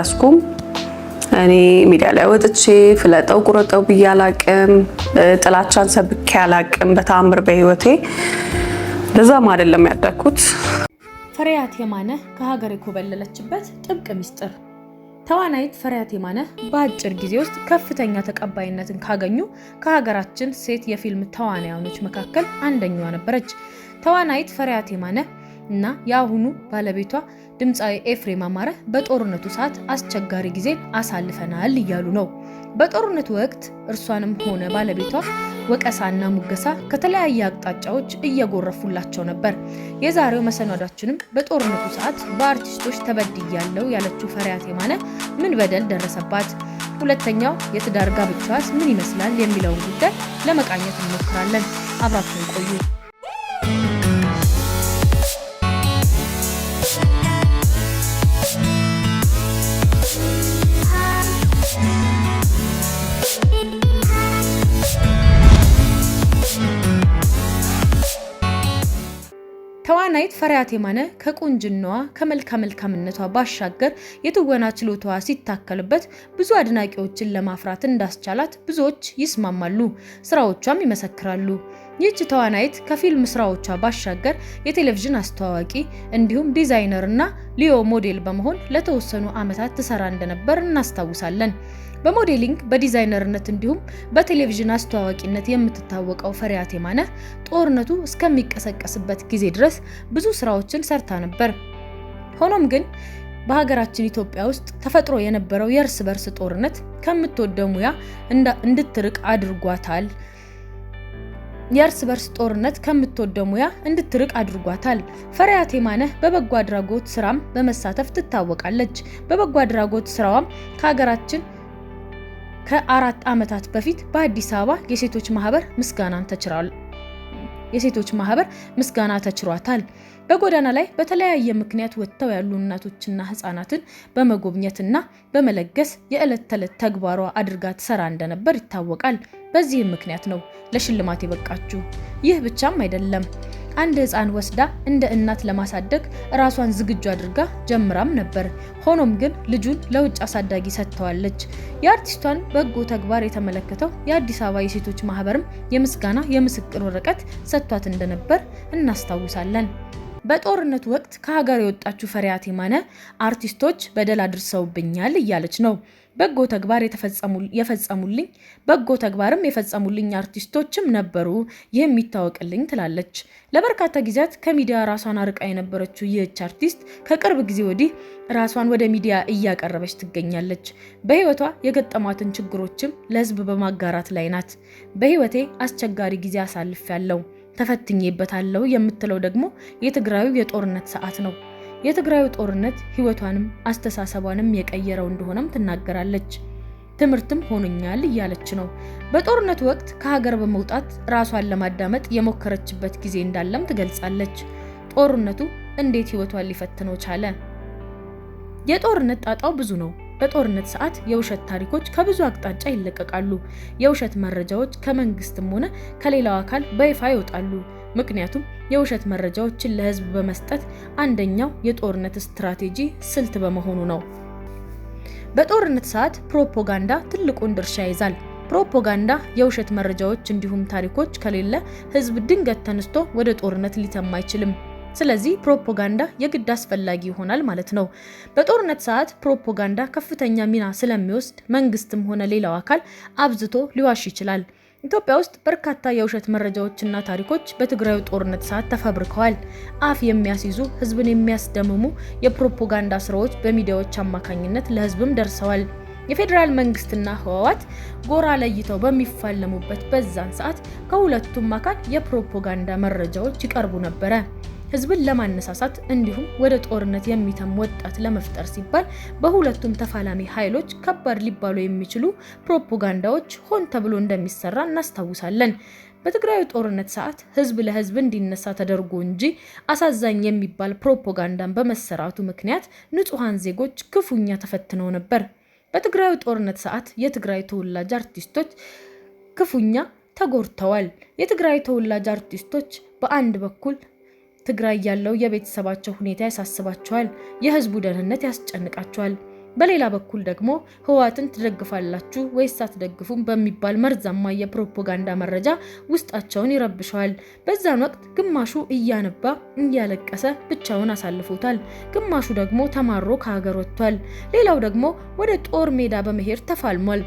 አስኩም እኔ ሚዲያ ላይ ወጥቼ ፍለጠው ቁረጠው ብዬ አላቅም። ጥላቻን ሰብኬ አላቅም በተአምር በህይወቴ። ለዛም አይደለም ያደግኩት። ፍሬያት የማነ ከሀገር የኮበለለችበት ጥብቅ ሚስጥር። ተዋናይት ፍሬያት የማነ በአጭር ጊዜ ውስጥ ከፍተኛ ተቀባይነትን ካገኙ ከሀገራችን ሴት የፊልም ተዋናያኖች መካከል አንደኛዋ ነበረች። ተዋናይት ፍሬያት የማነ እና የአሁኑ ባለቤቷ ድምፃዊ ኤፍሬም አማረ በጦርነቱ ሰዓት አስቸጋሪ ጊዜ አሳልፈናል እያሉ ነው። በጦርነቱ ወቅት እርሷንም ሆነ ባለቤቷ ወቀሳና ሙገሳ ከተለያየ አቅጣጫዎች እየጎረፉላቸው ነበር። የዛሬው መሰናዷችንም በጦርነቱ ሰዓት በአርቲስቶች ተበድያለው ያለችው ፈሪያት የማነ ምን በደል ደረሰባት፣ ሁለተኛው የትዳር ጋብቻዋስ ምን ይመስላል የሚለውን ጉዳይ ለመቃኘት እንሞክራለን። አብራችሁን ቆዩ። ተዋናይት ፈርያት የማነ ከቁንጅናዋ ከመልካ መልካምነቷ ባሻገር የትወና ችሎታዋ ሲታከልበት ብዙ አድናቂዎችን ለማፍራት እንዳስቻላት ብዙዎች ይስማማሉ፣ ስራዎቿም ይመሰክራሉ። ይህች ተዋናይት ከፊልም ስራዎቿ ባሻገር የቴሌቪዥን አስተዋዋቂ እንዲሁም ዲዛይነር እና ሊዮ ሞዴል በመሆን ለተወሰኑ ዓመታት ትሰራ እንደነበር እናስታውሳለን። በሞዴሊንግ በዲዛይነርነት እንዲሁም በቴሌቪዥን አስተዋዋቂነት የምትታወቀው ፈሪያት የማነ ጦርነቱ እስከሚቀሰቀስበት ጊዜ ድረስ ብዙ ስራዎችን ሰርታ ነበር። ሆኖም ግን በሀገራችን ኢትዮጵያ ውስጥ ተፈጥሮ የነበረው የእርስ በርስ ጦርነት ከምትወደው ሙያ እንድትርቅ አድርጓታል። የእርስ በርስ ጦርነት ከምትወደው ሙያ እንድትርቅ አድርጓታል። ፈሪሃት የማነ በበጎ አድራጎት ስራም በመሳተፍ ትታወቃለች። በበጎ አድራጎት ስራዋም ከሀገራችን ከአራት ዓመታት በፊት በአዲስ አበባ የሴቶች ማህበር ምስጋናን ተችራል የሴቶች ማህበር ምስጋና ተችሯታል። በጎዳና ላይ በተለያየ ምክንያት ወጥተው ያሉ እናቶችና ህጻናትን በመጎብኘትና በመለገስ የዕለት ተዕለት ተግባሯ አድርጋ ትሰራ እንደነበር ይታወቃል። በዚህም ምክንያት ነው ለሽልማት የበቃችው። ይህ ብቻም አይደለም። አንድ ህፃን ወስዳ እንደ እናት ለማሳደግ ራሷን ዝግጁ አድርጋ ጀምራም ነበር። ሆኖም ግን ልጁን ለውጭ አሳዳጊ ሰጥተዋለች። የአርቲስቷን በጎ ተግባር የተመለከተው የአዲስ አበባ የሴቶች ማህበርም የምስጋና የምስክር ወረቀት ሰጥቷት እንደነበር እናስታውሳለን። በጦርነቱ ወቅት ከሀገር የወጣችው ፈሪያት የማነ አርቲስቶች በደል አድርሰውብኛል እያለች ነው። በጎ ተግባር የፈጸሙልኝ በጎ ተግባርም የፈጸሙልኝ አርቲስቶችም ነበሩ፣ ይህም የሚታወቅልኝ ትላለች። ለበርካታ ጊዜያት ከሚዲያ ራሷን አርቃ የነበረችው ይህች አርቲስት ከቅርብ ጊዜ ወዲህ ራሷን ወደ ሚዲያ እያቀረበች ትገኛለች። በህይወቷ የገጠሟትን ችግሮችም ለህዝብ በማጋራት ላይ ናት። በህይወቴ አስቸጋሪ ጊዜ ያለው ተፈትኜበታለሁ የምትለው ደግሞ የትግራዩ የጦርነት ሰዓት ነው። የትግራዩ ጦርነት ህይወቷንም አስተሳሰቧንም የቀየረው እንደሆነም ትናገራለች። ትምህርትም ሆኖኛል እያለች ነው። በጦርነቱ ወቅት ከሀገር በመውጣት ራሷን ለማዳመጥ የሞከረችበት ጊዜ እንዳለም ትገልጻለች። ጦርነቱ እንዴት ህይወቷን ሊፈትነው ቻለ? የጦርነት ጣጣው ብዙ ነው። በጦርነት ሰዓት የውሸት ታሪኮች ከብዙ አቅጣጫ ይለቀቃሉ። የውሸት መረጃዎች ከመንግስትም ሆነ ከሌላው አካል በይፋ ይወጣሉ። ምክንያቱም የውሸት መረጃዎችን ለህዝብ በመስጠት አንደኛው የጦርነት ስትራቴጂ ስልት በመሆኑ ነው። በጦርነት ሰዓት ፕሮፓጋንዳ ትልቁን ድርሻ ይዛል። ፕሮፓጋንዳ፣ የውሸት መረጃዎች እንዲሁም ታሪኮች ከሌለ ህዝብ ድንገት ተነስቶ ወደ ጦርነት ሊተማ አይችልም። ስለዚህ ፕሮፓጋንዳ የግድ አስፈላጊ ይሆናል ማለት ነው። በጦርነት ሰዓት ፕሮፓጋንዳ ከፍተኛ ሚና ስለሚወስድ መንግስትም ሆነ ሌላው አካል አብዝቶ ሊዋሽ ይችላል። ኢትዮጵያ ውስጥ በርካታ የውሸት መረጃዎችና ታሪኮች በትግራዩ ጦርነት ሰዓት ተፈብርከዋል። አፍ የሚያስይዙ ህዝብን የሚያስደምሙ የፕሮፓጋንዳ ስራዎች በሚዲያዎች አማካኝነት ለህዝብም ደርሰዋል። የፌዴራል መንግስትና ህወሓት ጎራ ለይተው በሚፋለሙበት በዛን ሰዓት ከሁለቱም አካል የፕሮፓጋንዳ መረጃዎች ይቀርቡ ነበረ። ህዝብን ለማነሳሳት እንዲሁም ወደ ጦርነት የሚተም ወጣት ለመፍጠር ሲባል በሁለቱም ተፋላሚ ኃይሎች ከባድ ሊባሉ የሚችሉ ፕሮፓጋንዳዎች ሆን ተብሎ እንደሚሰራ እናስታውሳለን። በትግራዩ ጦርነት ሰዓት ህዝብ ለህዝብ እንዲነሳ ተደርጎ እንጂ አሳዛኝ የሚባል ፕሮፓጋንዳን በመሰራቱ ምክንያት ንጹሐን ዜጎች ክፉኛ ተፈትነው ነበር። በትግራዩ ጦርነት ሰዓት የትግራይ ተወላጅ አርቲስቶች ክፉኛ ተጎድተዋል። የትግራይ ተወላጅ አርቲስቶች በአንድ በኩል ትግራይ ያለው የቤተሰባቸው ሁኔታ ያሳስባቸዋል፣ የህዝቡ ደህንነት ያስጨንቃቸዋል። በሌላ በኩል ደግሞ ህወሓትን ትደግፋላችሁ ወይስ አትደግፉም በሚባል መርዛማ የፕሮፓጋንዳ መረጃ ውስጣቸውን ይረብሸዋል። በዛን ወቅት ግማሹ እያነባ እያለቀሰ ብቻውን አሳልፎታል፣ ግማሹ ደግሞ ተማሮ ከሀገር ወጥቷል፣ ሌላው ደግሞ ወደ ጦር ሜዳ በመሄድ ተፋልሟል።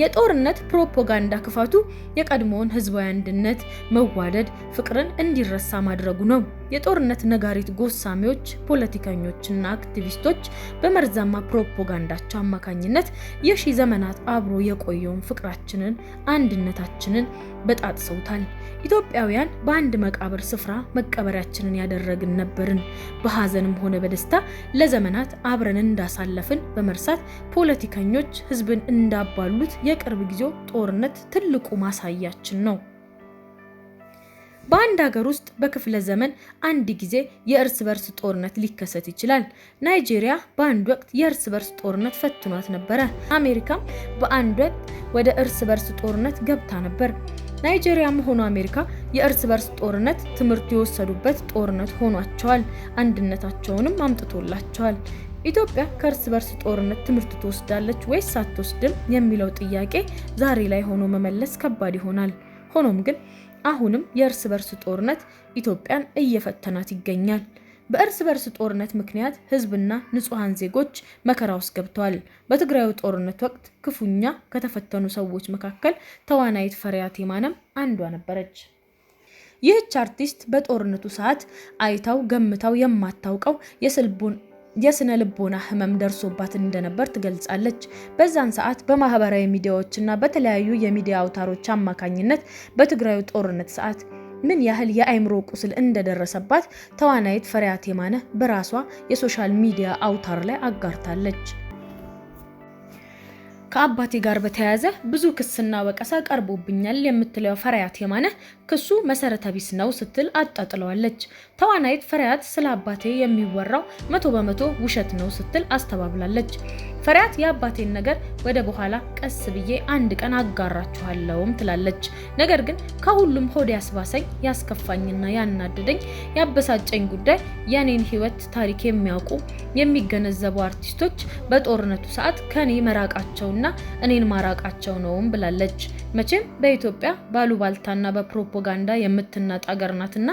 የጦርነት ፕሮፓጋንዳ ክፋቱ የቀድሞውን ህዝባዊ አንድነት፣ መዋደድ፣ ፍቅርን እንዲረሳ ማድረጉ ነው። የጦርነት ነጋሪት ጎሳሚዎች፣ ፖለቲከኞችና አክቲቪስቶች በመርዛማ ፕሮፓጋንዳቸው አማካኝነት የሺ ዘመናት አብሮ የቆየውን ፍቅራችንን፣ አንድነታችንን በጣጥሰውታል። ኢትዮጵያውያን በአንድ መቃብር ስፍራ መቀበሪያችንን ያደረግን ነበርን። በሀዘንም ሆነ በደስታ ለዘመናት አብረን እንዳሳለፍን በመርሳት ፖለቲከኞች ህዝብን እንዳባሉት የቅርብ ጊዜው ጦርነት ትልቁ ማሳያችን ነው። በአንድ ሀገር ውስጥ በክፍለ ዘመን አንድ ጊዜ የእርስ በርስ ጦርነት ሊከሰት ይችላል። ናይጄሪያ በአንድ ወቅት የእርስ በርስ ጦርነት ፈትኗት ነበረ። አሜሪካም በአንድ ወቅት ወደ እርስ በርስ ጦርነት ገብታ ነበር። ናይጄሪያም ሆኖ አሜሪካ የእርስ በርስ ጦርነት ትምህርት የወሰዱበት ጦርነት ሆኗቸዋል። አንድነታቸውንም አምጥቶላቸዋል። ኢትዮጵያ ከእርስ በርስ ጦርነት ትምህርት ትወስዳለች ወይስ አትወስድም የሚለው ጥያቄ ዛሬ ላይ ሆኖ መመለስ ከባድ ይሆናል። ሆኖም ግን አሁንም የእርስ በርስ ጦርነት ኢትዮጵያን እየፈተናት ይገኛል። በእርስ በርስ ጦርነት ምክንያት ህዝብና ንጹሐን ዜጎች መከራ ውስጥ ገብተዋል። በትግራዩ ጦርነት ወቅት ክፉኛ ከተፈተኑ ሰዎች መካከል ተዋናይት ፈሪሃት የማነም አንዷ ነበረች። ይህች አርቲስት በጦርነቱ ሰዓት አይታው ገምታው የማታውቀው የስልቡን የስነ ልቦና ህመም ደርሶባት እንደነበር ትገልጻለች። በዛን ሰዓት በማህበራዊ ሚዲያዎችና በተለያዩ የሚዲያ አውታሮች አማካኝነት በትግራዩ ጦርነት ሰዓት ምን ያህል የአእምሮ ቁስል እንደደረሰባት ተዋናይት ፈሪሃት የማነ በራሷ የሶሻል ሚዲያ አውታር ላይ አጋርታለች። ከአባቴ ጋር በተያያዘ ብዙ ክስና ወቀሳ ቀርቦብኛል የምትለው ፈሪሃት የማነ ክሱ መሰረተ ቢስ ነው ስትል አጣጥለዋለች። ተዋናይት ፈሪያት ስለ አባቴ የሚወራው መቶ በመቶ ውሸት ነው ስትል አስተባብላለች። ፈሪያት የአባቴን ነገር ወደ በኋላ ቀስ ብዬ አንድ ቀን አጋራችኋለውም ትላለች። ነገር ግን ከሁሉም ሆድ ያስባሰኝ ያስከፋኝና ያናደደኝ ያበሳጨኝ ጉዳይ የኔን ሕይወት ታሪክ የሚያውቁ የሚገነዘቡ አርቲስቶች በጦርነቱ ሰዓት ከኔ መራቃቸውና እኔን ማራቃቸው ነውም ብላለች። መቼም በኢትዮጵያ ባሉባልታና በፕሮፖ ፕሮፓጋንዳ የምትናጥ ሀገር ናትና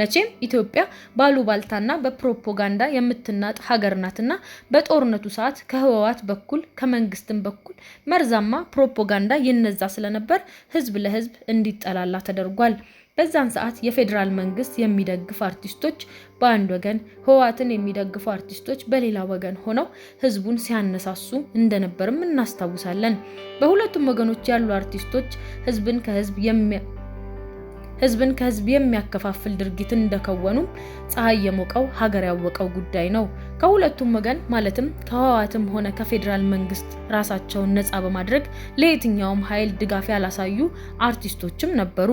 መቼም ኢትዮጵያ ባሉባልታና በፕሮፓጋንዳ የምትናጥ ሀገር ናትና በጦርነቱ ሰዓት ከህወሓት በኩል ከመንግስትም በኩል መርዛማ ፕሮፓጋንዳ ይነዛ ስለነበር ህዝብ ለህዝብ እንዲጠላላ ተደርጓል። በዛን ሰዓት የፌዴራል መንግስት የሚደግፍ አርቲስቶች በአንድ ወገን፣ ህወሓትን የሚደግፉ አርቲስቶች በሌላ ወገን ሆነው ህዝቡን ሲያነሳሱ እንደነበርም እናስታውሳለን። በሁለቱም ወገኖች ያሉ አርቲስቶች ህዝብን ከህዝብ ህዝብን ከህዝብ የሚያከፋፍል ድርጊት እንደከወኑም ፀሐይ የሞቀው ሀገር ያወቀው ጉዳይ ነው። ከሁለቱም ወገን ማለትም ከህወሓትም ሆነ ከፌዴራል መንግስት ራሳቸውን ነፃ በማድረግ ለየትኛውም ኃይል ድጋፍ ያላሳዩ አርቲስቶችም ነበሩ።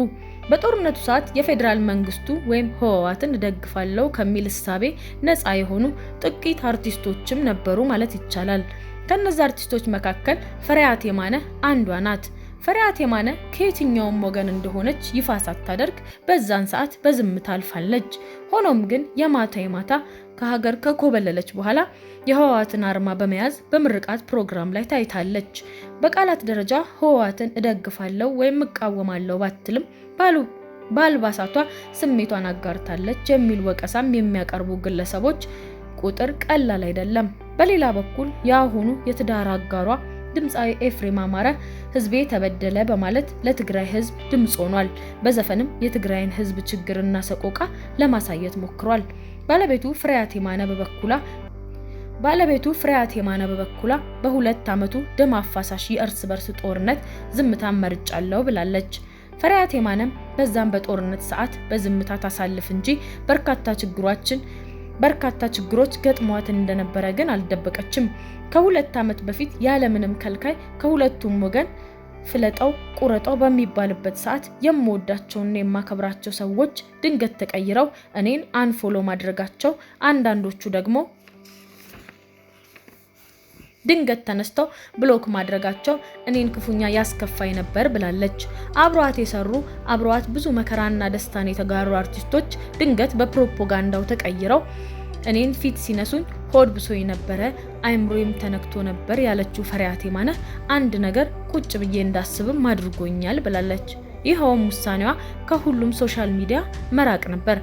በጦርነቱ ሰዓት የፌዴራል መንግስቱ ወይም ህወሓትን እደግፋለሁ ከሚል እሳቤ ነፃ የሆኑ ጥቂት አርቲስቶችም ነበሩ ማለት ይቻላል። ከነዚህ አርቲስቶች መካከል ፈሪሃት የማነ አንዷ ናት። ፈሪሃት የማነ ከየትኛውም ወገን እንደሆነች ይፋ ሳታደርግ በዛን ሰዓት በዝምታ አልፋለች። ሆኖም ግን የማታ የማታ ከሀገር ከኮበለለች በኋላ የህወሓትን አርማ በመያዝ በምርቃት ፕሮግራም ላይ ታይታለች። በቃላት ደረጃ ህወሓትን እደግፋለሁ ወይም እቃወማለሁ ባትልም ባሉ በአልባሳቷ ስሜቷን አጋርታለች የሚል ወቀሳም የሚያቀርቡ ግለሰቦች ቁጥር ቀላል አይደለም። በሌላ በኩል የአሁኑ የትዳር አጋሯ ድምፃዊ ኤፍሬም አማረ ህዝቤ ተበደለ በማለት ለትግራይ ህዝብ ድምፅ ሆኗል። በዘፈንም የትግራይን ህዝብ ችግርና ሰቆቃ ለማሳየት ሞክሯል። ባለቤቱ ፍሬያት የማነ በበኩላ ባለቤቱ ፍሬያት የማነ በበኩላ በሁለት ዓመቱ ደም አፋሳሽ የእርስ በርስ ጦርነት ዝምታን መርጫለሁ ብላለች። ፍሬያት የማነም በዛም በጦርነት ሰዓት በዝምታ ታሳልፍ እንጂ በርካታ ችግሯችን በርካታ ችግሮች ገጥመዋት እንደነበረ ግን አልደበቀችም። ከሁለት ዓመት በፊት ያለምንም ከልካይ ከሁለቱም ወገን ፍለጠው ቁረጠው በሚባልበት ሰዓት የምወዳቸውና የማከብራቸው ሰዎች ድንገት ተቀይረው እኔን አንፎሎ ማድረጋቸው፣ አንዳንዶቹ ደግሞ ድንገት ተነስተው ብሎክ ማድረጋቸው እኔን ክፉኛ ያስከፋኝ ነበር ብላለች። አብሯት የሰሩ አብሯት ብዙ መከራና ደስታን የተጋሩ አርቲስቶች ድንገት በፕሮፓጋንዳው ተቀይረው እኔን ፊት ሲነሱኝ ሆድ ብሶኝ ነበረ፣ አይምሮዬም ተነክቶ ነበር ያለችው ፈሪያቴ የማነህ አንድ ነገር ቁጭ ብዬ እንዳስብም አድርጎኛል ብላለች። ይኸውም ውሳኔዋ ከሁሉም ሶሻል ሚዲያ መራቅ ነበር።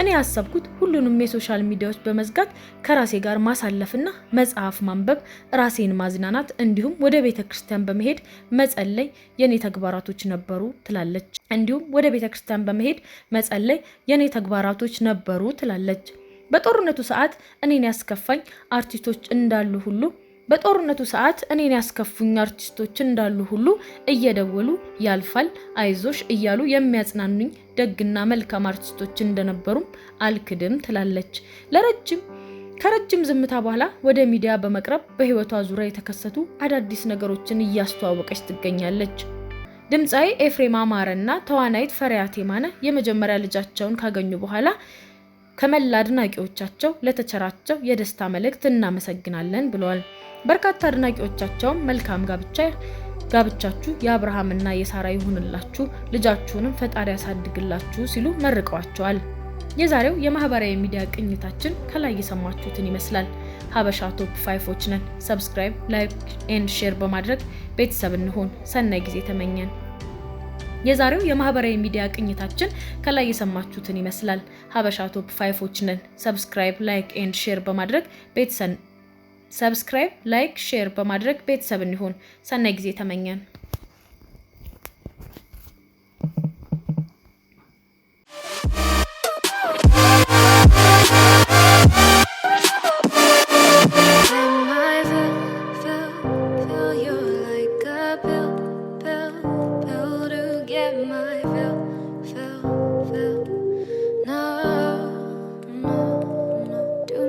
እኔ ያሰብኩት ሁሉንም የሶሻል ሚዲያዎች በመዝጋት ከራሴ ጋር ማሳለፍና መጽሐፍ ማንበብ፣ ራሴን ማዝናናት እንዲሁም ወደ ቤተ ክርስቲያን በመሄድ መጸለይ የኔ ተግባራቶች ነበሩ ትላለች። እንዲሁም ወደ ቤተ ክርስቲያን በመሄድ መጸለይ የኔ ተግባራቶች ነበሩ ትላለች። በጦርነቱ ሰዓት እኔን ያስከፋኝ አርቲስቶች እንዳሉ ሁሉ በጦርነቱ ሰዓት እኔን ያስከፉኝ አርቲስቶች እንዳሉ ሁሉ እየደወሉ ያልፋል አይዞሽ እያሉ የሚያጽናኑኝ ደግና መልካም አርቲስቶች እንደነበሩም አልክድም ትላለች። ለረጅም ከረጅም ዝምታ በኋላ ወደ ሚዲያ በመቅረብ በህይወቷ ዙሪያ የተከሰቱ አዳዲስ ነገሮችን እያስተዋወቀች ትገኛለች። ድምፃዊ ኤፍሬም አማረ እና ተዋናይት ፈሪያት የማነ የመጀመሪያ ልጃቸውን ካገኙ በኋላ ከመላ አድናቂዎቻቸው ለተቸራቸው የደስታ መልእክት እናመሰግናለን ብለዋል። በርካታ አድናቂዎቻቸውም መልካም ጋብቻ ጋብቻችሁ የአብርሃምና የሳራ ይሁንላችሁ፣ ልጃችሁንም ፈጣሪ ያሳድግላችሁ ሲሉ መርቀዋቸዋል። የዛሬው የማህበራዊ ሚዲያ ቅኝታችን ከላይ የሰማችሁትን ይመስላል። ሀበሻ ቶፕ ፋይፎች ነን። ሰብስክራይብ፣ ላይክ ኤንድ ሼር በማድረግ ቤተሰብ እንሆን። ሰናይ ጊዜ ተመኘን። የዛሬው የማህበራዊ ሚዲያ ቅኝታችን ከላይ የሰማችሁትን ይመስላል። ሀበሻ ቶፕ ፋይፎች ነን። ሰብስክራይብ፣ ላይክ ኤንድ ሼር በማድረግ ቤተሰብ ሰብስክራይብ፣ ላይክ፣ ሼር በማድረግ ቤተሰብ እንዲሆን ሰናይ ጊዜ ተመኘን።